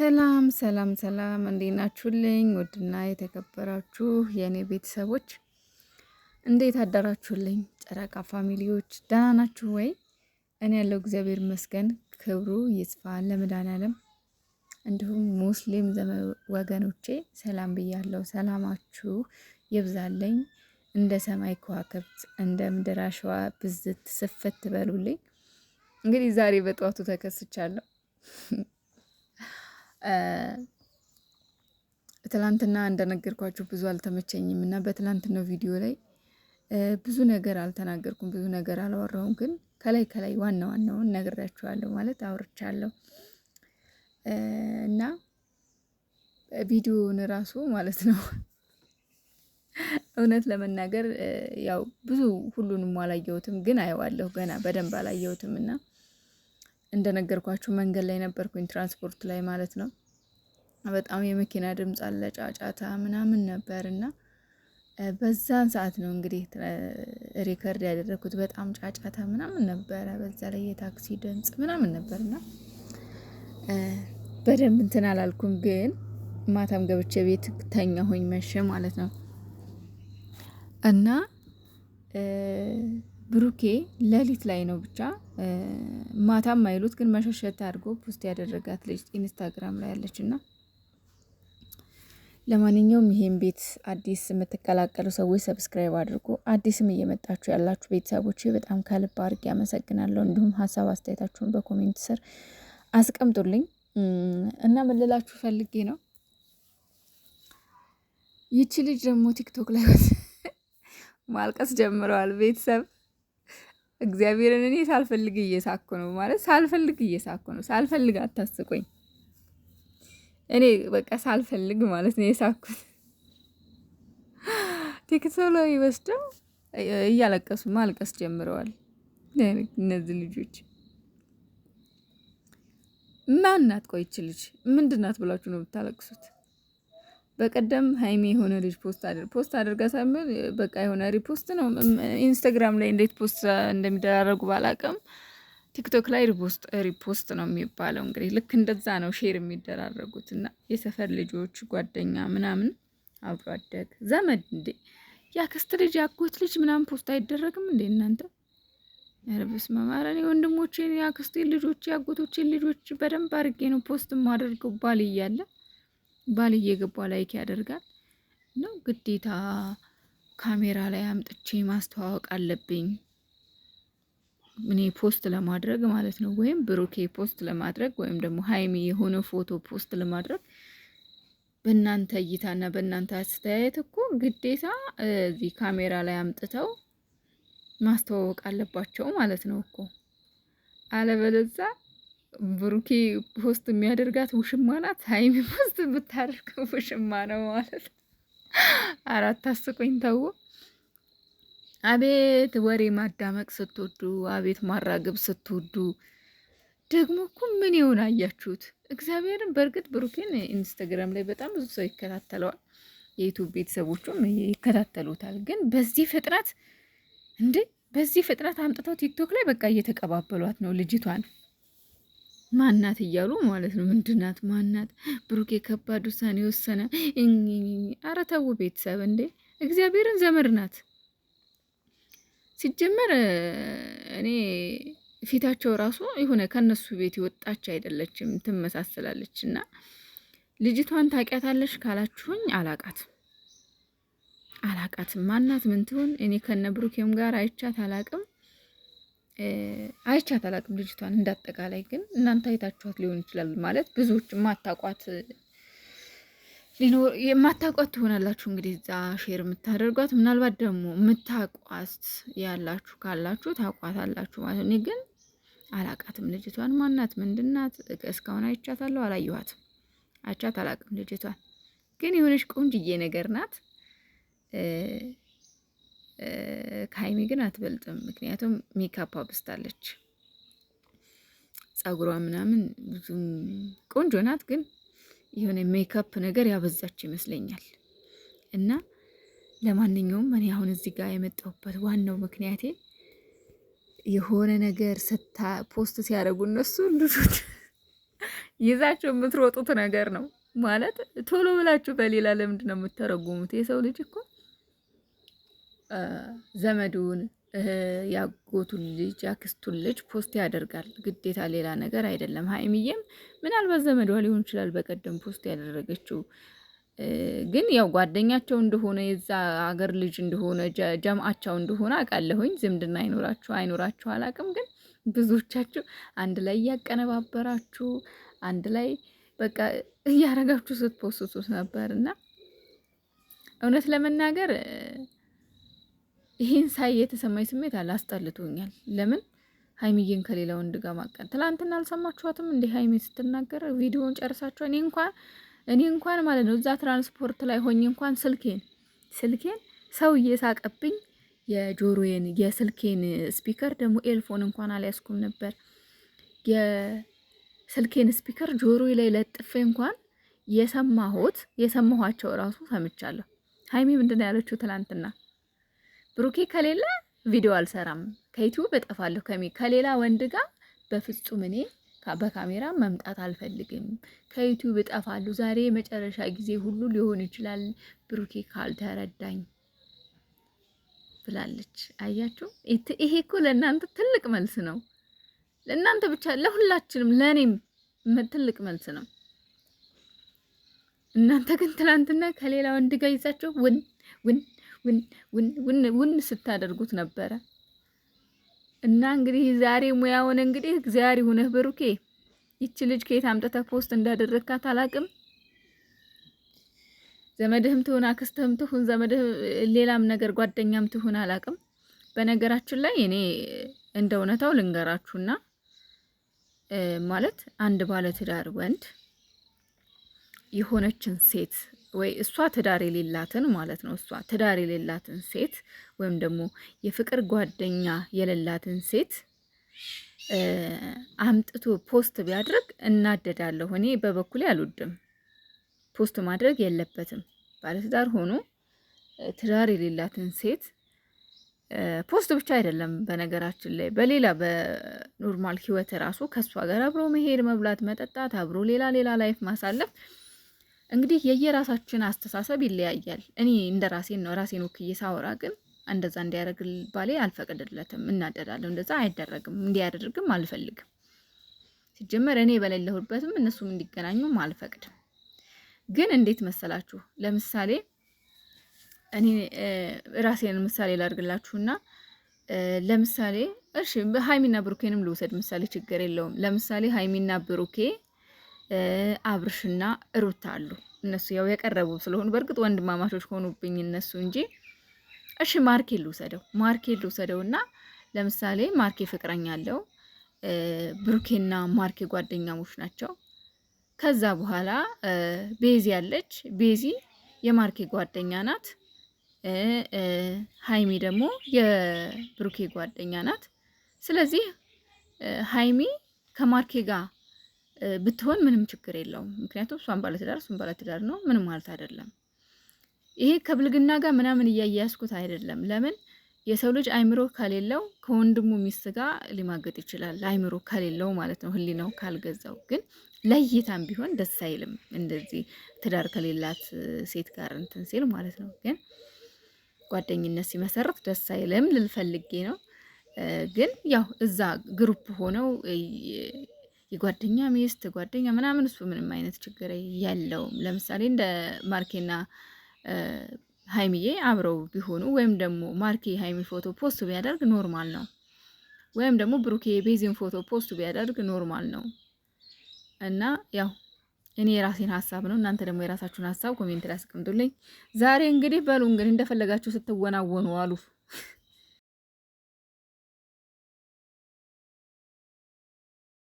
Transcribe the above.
ሰላም ሰላም ሰላም፣ እንዴት ናችሁልኝ? ውድና የተከበራችሁ የእኔ ቤተሰቦች እንዴት አዳራችሁልኝ? ጨረቃ ፋሚሊዎች ደህና ናችሁ ወይ? እኔ ያለው እግዚአብሔር ይመስገን፣ ክብሩ ይስፋ ለመድኃኔዓለም። እንዲሁም ሙስሊም ወገኖቼ ሰላም ብያለሁ። ሰላማችሁ ይብዛልኝ፣ እንደ ሰማይ ከዋክብት እንደ ምድር አሸዋ ብዝት ስፍት ትበሉልኝ። እንግዲህ ዛሬ በጠዋቱ ተከስቻለሁ ትላንትና እንደነገርኳችሁ ብዙ አልተመቸኝም እና በትላንትናው ቪዲዮ ላይ ብዙ ነገር አልተናገርኩም፣ ብዙ ነገር አላወራሁም። ግን ከላይ ከላይ ዋና ዋናውን ነግራችኋለሁ ማለት አውርቻለሁ እና ቪዲዮውን ራሱ ማለት ነው እውነት ለመናገር ያው ብዙ ሁሉንም አላየሁትም፣ ግን አየዋለሁ ገና በደንብ አላየሁትም እና እንደነገርኳችሁ መንገድ ላይ ነበርኩኝ፣ ትራንስፖርት ላይ ማለት ነው። በጣም የመኪና ድምፅ አለ፣ ጫጫታ ምናምን ነበር እና በዛን ሰዓት ነው እንግዲህ ሪከርድ ያደረግኩት። በጣም ጫጫታ ምናምን ነበረ፣ በዛ ላይ የታክሲ ድምፅ ምናምን ነበር እና በደንብ እንትን አላልኩም፣ ግን ማታም ገብቼ ቤት ተኛሁኝ፣ መሸ ማለት ነው እና ብሩኬ ሌሊት ላይ ነው ብቻ ማታም አይሉት ግን መሸሸት አድርጎ ፖስት ያደረጋት ልጅ ኢንስታግራም ላይ ያለች እና ለማንኛውም ይሄን ቤት አዲስ የምትቀላቀሉ ሰዎች ሰብስክራይብ አድርጎ አዲስም እየመጣችሁ ያላችሁ ቤተሰቦች በጣም ከልብ አድርጌ ያመሰግናለሁ። እንዲሁም ሀሳብ አስተያየታችሁን በኮሜንት ስር አስቀምጡልኝ እና ምልላችሁ ፈልጌ ነው። ይቺ ልጅ ደግሞ ቲክቶክ ላይ ማልቀስ ጀምረዋል ቤተሰብ እግዚአብሔርን እኔ ሳልፈልግ እየሳኩ ነው ማለት ሳልፈልግ እየሳኩ ነው። ሳልፈልግ አታስቆኝ። እኔ በቃ ሳልፈልግ ማለት ነው የሳኩት። ላይ ወስደው እያለቀሱ ማልቀስ ጀምረዋል እነዚህ ልጆች። ማናት ቆይች ልጅ ምንድናት ብላችሁ ነው የምታለቅሱት? በቀደም ሀይሚ የሆነ ልጅ ፖስት አድር ፖስት አድርጋ ሳምል በቃ የሆነ ሪፖስት ነው ኢንስታግራም ላይ እንዴት ፖስት እንደሚደራረጉ ባላቅም ቲክቶክ ላይ ሪፖስት ሪፖስት ነው የሚባለው። እንግዲህ ልክ እንደዛ ነው ሼር የሚደራረጉት እና የሰፈር ልጆች ጓደኛ ምናምን አብሮ አደግ ዘመድ እንዴ ያክስት ልጅ ያጎት ልጅ ምናምን ፖስት አይደረግም እንዴ እናንተ? ረብስ መማረ ወንድሞቼን ያክስቴ ልጆች ያጎቶቼን ልጆች በደንብ አድርጌ ነው ፖስት ማደርገው ባል እያለ ባል እየገባ ላይክ ያደርጋል ነው ግዴታ ካሜራ ላይ አምጥቼ ማስተዋወቅ አለብኝ እኔ ፖስት ለማድረግ ማለት ነው። ወይም ብሩኬ ፖስት ለማድረግ ወይም ደግሞ ሀይሚ የሆነ ፎቶ ፖስት ለማድረግ በእናንተ እይታና በእናንተ አስተያየት እኮ ግዴታ እዚህ ካሜራ ላይ አምጥተው ማስተዋወቅ አለባቸው ማለት ነው እኮ አለበለዛ ብሩኬ ፖስት የሚያደርጋት ውሽማ ናት። ሀይሚ ፖስት ብታደርገው ውሽማ ነው ማለት አራት አስቆኝ ተው። አቤት ወሬ ማዳመቅ ስትወዱ፣ አቤት ማራገብ ስትወዱ። ደግሞ እኮ ምን ይሆን አያችሁት? እግዚአብሔርን በእርግጥ ብሩኬን ኢንስታግራም ላይ በጣም ብዙ ሰው ይከታተለዋል። የዩቱብ ቤተሰቦቹም ይከታተሉታል። ግን በዚህ ፍጥነት እንዴ! በዚህ ፍጥነት አምጥተው ቲክቶክ ላይ በቃ እየተቀባበሏት ነው ልጅቷን። ማናት እያሉ ማለት ነው። ምንድናት ማናት? ብሩኬ ከባድ ውሳኔ ወሰነ። አረ ተው ቤተሰብ እንዴ! እግዚአብሔርን ዘመድ ናት ሲጀመር። እኔ ፊታቸው ራሱ የሆነ ከነሱ ቤት የወጣች አይደለችም ትመሳሰላለች። እና ልጅቷን ታውቂያታለሽ ካላችሁኝ አላቃት አላቃትም። ማናት ምን ትሆን? እኔ ከነ ብሩኬም ጋር አይቻት አላቅም አይቻት አላቅም ልጅቷን እንዳጠቃላይ ግን እናንተ አይታችኋት ሊሆን ይችላል። ማለት ብዙዎች የማታቋት የማታቋት ትሆናላችሁ። እንግዲህ እዛ ሼር የምታደርጓት ምናልባት ደግሞ የምታቋት ያላችሁ ካላችሁ ታቋት አላችሁ ማለት እኔ ግን አላቃትም። ልጅቷን ማናት ምንድናት? እስካሁን አይቻታለሁ አላየኋትም። አይቻት አላቅም ልጅቷን ግን የሆነች ቆንጅዬ ነገር ናት። ከሀይሚ ግን አትበልጥም። ምክንያቱም ሜካፕ አብስታለች። ጸጉሯ ምናምን ብዙም ቆንጆ ናት፣ ግን የሆነ ሜካፕ ነገር ያበዛች ይመስለኛል። እና ለማንኛውም እኔ አሁን እዚህ ጋር የመጣሁበት ዋናው ምክንያቴ የሆነ ነገር ስታ ፖስት ሲያደርጉ እነሱ ልጆች ይዛቸው የምትሮጡት ነገር ነው ማለት ቶሎ ብላችሁ በሌላ ለምንድን ነው የምተረጉሙት? የሰው ልጅ እኮ ዘመዱን ያጎቱን ልጅ ያክስቱን ልጅ ፖስት ያደርጋል። ግዴታ ሌላ ነገር አይደለም። ሀይሚዬም ምናልባት ዘመዷ ሊሆን ይችላል በቀደም ፖስት ያደረገችው። ግን ያው ጓደኛቸው እንደሆነ የዛ ሀገር ልጅ እንደሆነ ጀምአቸው እንደሆነ አውቃለሁኝ። ዝምድና አይኖራችሁ አይኖራችሁ አላውቅም። ግን ብዙዎቻችሁ አንድ ላይ እያቀነባበራችሁ አንድ ላይ በቃ እያረጋችሁ ስትፖስቱት ነበር እና እውነት ለመናገር ይህን ሳይ የተሰማኝ ስሜት አለ አስጠልቶኛል። ለምን ሀይሚዬን ከሌላ ወንድ ጋር ማቀን? ትላንትና አልሰማችኋትም? እንዲህ ሀይሜ ስትናገር ቪዲዮውን ጨርሳችሁ እኔ እንኳን እኔ እንኳን ማለት ነው እዛ ትራንስፖርት ላይ ሆኜ እንኳን ስልኬን ስልኬን ሰው እየሳቀብኝ የጆሮዬን የስልኬን ስፒከር ደግሞ ኤልፎን እንኳን አልያዝኩም ነበር። የስልኬን ስፒከር ጆሮ ላይ ለጥፌ እንኳን የሰማሁት የሰማኋቸው ራሱ ሰምቻለሁ። ሀይሚ ምንድን ነው ያለችው ትላንትና ብሩኬ ከሌለ ቪዲዮ አልሰራም፣ ከዩቲዩብ እጠፋለሁ፣ ከሚ ከሌላ ወንድ ጋር በፍጹም እኔ በካሜራ መምጣት አልፈልግም፣ ከዩቲዩብ እጠፋለሁ፣ ዛሬ የመጨረሻ ጊዜ ሁሉ ሊሆን ይችላል ብሩኬ ካልተረዳኝ ብላለች። አያችሁ፣ ይሄ እኮ ለእናንተ ትልቅ መልስ ነው። ለእናንተ ብቻ ለሁላችንም፣ ለእኔም ትልቅ መልስ ነው። እናንተ ግን ትናንትና ከሌላ ወንድ ጋር ይዛችሁ ውን ውን ውን ስታደርጉት ነበረ እና እንግዲህ ዛሬ ሙያውን እንግዲህ እግዚአብሔር ሁነህ ብሩኬ። ይቺ ልጅ ከየት አምጥተህ ፖስት እንዳደረግካት አላቅም። ዘመድህም ትሁን አክስትህም ትሁን ዘመድህ ሌላም ነገር ጓደኛም ትሁን አላቅም። በነገራችን ላይ እኔ እንደ እውነታው ልንገራችሁና ማለት አንድ ባለትዳር ወንድ የሆነችን ሴት ወይ እሷ ትዳር የሌላትን ማለት ነው። እሷ ትዳር የሌላትን ሴት ወይም ደግሞ የፍቅር ጓደኛ የሌላትን ሴት አምጥቶ ፖስት ቢያድርግ እናደዳለሁ። እኔ በበኩሌ አልወድም። ፖስት ማድረግ የለበትም። ባለትዳር ሆኖ ትዳር የሌላትን ሴት ፖስት ብቻ አይደለም፣ በነገራችን ላይ በሌላ በኖርማል ህይወት ራሱ ከእሷ ጋር አብሮ መሄድ፣ መብላት፣ መጠጣት፣ አብሮ ሌላ ሌላ ላይፍ ማሳለፍ እንግዲህ የየራሳችን አስተሳሰብ ይለያያል። እኔ እንደ ራሴን ነው ራሴን ወክዬ ሳወራ ግን እንደዛ እንዲያደርግል ባሌ አልፈቀደለትም፣ እናደዳለሁ። እንደዛ አይደረግም፣ እንዲያደርግም አልፈልግም። ሲጀመር እኔ በሌለሁበትም እነሱም እንዲገናኙም አልፈቅድም። ግን እንዴት መሰላችሁ፣ ለምሳሌ እኔ ራሴን ምሳሌ ላድርግላችሁና ለምሳሌ እሺ፣ ሀይሚና ብሩኬንም ልውሰድ ምሳሌ፣ ችግር የለውም። ለምሳሌ ሀይሚና ብሩኬ አብርሽና ሩታ አሉ። እነሱ ያው የቀረቡ ስለሆኑ በእርግጥ ወንድማማቾች ሆኑብኝ እነሱ እንጂ። እሺ ማርኬ ልውሰደው፣ ማርኬ እና ለምሳሌ ማርኬ ፍቅረኛ አለው። ብሩኬና ማርኬ ጓደኛሞች ናቸው። ከዛ በኋላ ቤዚ አለች። ቤዚ የማርኬ ጓደኛ ናት። ሀይሚ ደግሞ የብሩኬ ጓደኛ ናት። ስለዚህ ሀይሚ ከማርኬ ጋር ብትሆን ምንም ችግር የለውም። ምክንያቱም እሷን ባለትዳር እሱን ባለትዳር ነው። ምንም ማለት አይደለም። ይሄ ከብልግና ጋር ምናምን እያያያዝኩት አይደለም። ለምን የሰው ልጅ አይምሮ ከሌለው ከወንድሙ ሚስት ጋር ሊማገጥ ይችላል። አይምሮ ከሌለው ማለት ነው፣ ህሊናው ካልገዛው። ግን ለይታም ቢሆን ደስ አይልም፣ እንደዚህ ትዳር ከሌላት ሴት ጋር እንትን ሲል ማለት ነው። ግን ጓደኝነት ሲመሰርት ደስ አይልም ልልፈልጌ ነው። ግን ያው እዛ ግሩፕ ሆነው የጓደኛ ሚስት ጓደኛ ምናምን እሱ ምንም አይነት ችግር ያለውም። ለምሳሌ እንደ ማርኬና ሀይሚዬ አብረው ቢሆኑ ወይም ደግሞ ማርኬ ሀይሚ ፎቶ ፖስት ቢያደርግ ኖርማል ነው። ወይም ደግሞ ብሩኬ ቤዚን ፎቶ ፖስት ቢያደርግ ኖርማል ነው። እና ያው እኔ የራሴን ሀሳብ ነው፣ እናንተ ደግሞ የራሳችሁን ሀሳብ ኮሜንት ላይ አስቀምጡልኝ። ዛሬ እንግዲህ በሉ እንግዲህ እንደፈለጋችሁ ስትወናወኑ አሉ።